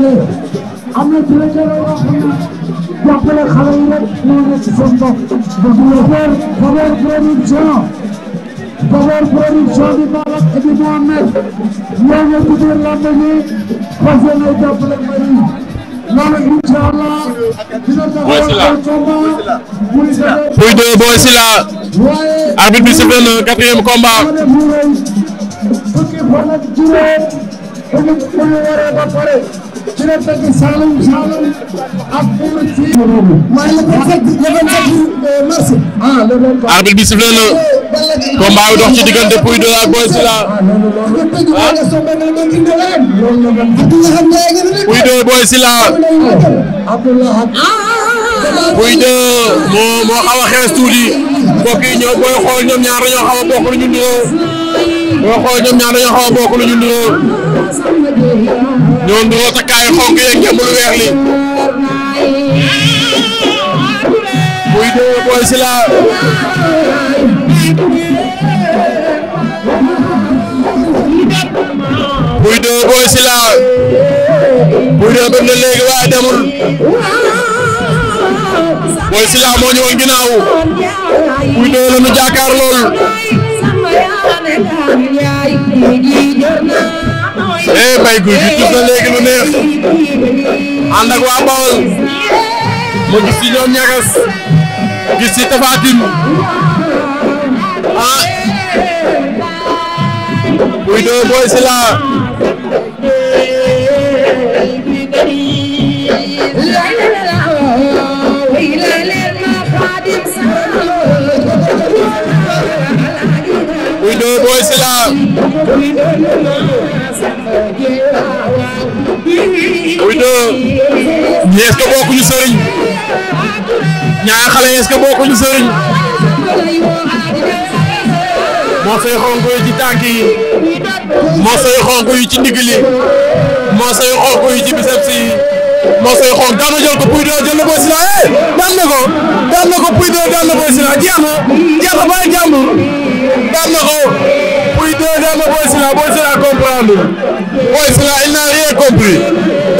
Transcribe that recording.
jàppale am na directeur yoo xam ne jàppale xale yi rek ñoo nekk ci seen bopp d'abord d'abord production d'abord production bi Babac et bi Mohamed ñoo nekk ci biir làmb ji parce que ñoo jàppale mbir yi loolu incha allah dina taxawal combat muy demee Pouye 2 Boy Sylla arbitre bi sifflé na quatrième combat fukki fan ak juróom ci la fekk Saalum Saalum ak Mbour ci. waaye le 27 le 27 mars. ah le 27. arbitre bi sifflé na. combat bi dox ci diggante Pouye 2 ak Boy Sylla. ah. Pouye 2 Boy Sylla. Pouye 2 moo moo xaw a xees tuuti mbokk yi ñoom booy xool ñoom ñaar dañoo xaw a bokk lu ñu niroo booy xool ñoom ñaar dañoo xaw a bokk lu ñu niroo. ñoo ñoo takkaayu xonk yeeg ngemb lu weex li muy dee Boy Sylla muy dee Boy Sylla muy dee dem na léegi waaye demul Boy Sylla moo ñëwoon ginnaaw muy dee la ñu jàkkaar lool eh Mbaye Gouy Gui tuus na léegi lu neex ànd ak waa Bawol ma gis ci ñoom ñagas gis ci Tapha Tine ah Gouy Gui Boy Sila Gouy Gui Boy Sila ñi est-ce que bokkuñu sëriñ ñaar xale est-ce que bokkuñu sëriñ moosay xonk yu ci tànk yi moosay xonk yu ci ndigg li moosay yu ci biceps yi moosay xonk daan na jël ko Pouye 2 jël na Boy Sylla eh daan na ko daan na ko Pouye 2 daan na Boy Sylla jeex na jeex na bàyyi jàmbur daan na ko Pouye 2 daan na Boy Sylla Boy Sylla comprendre Boy Sylla il n'a rien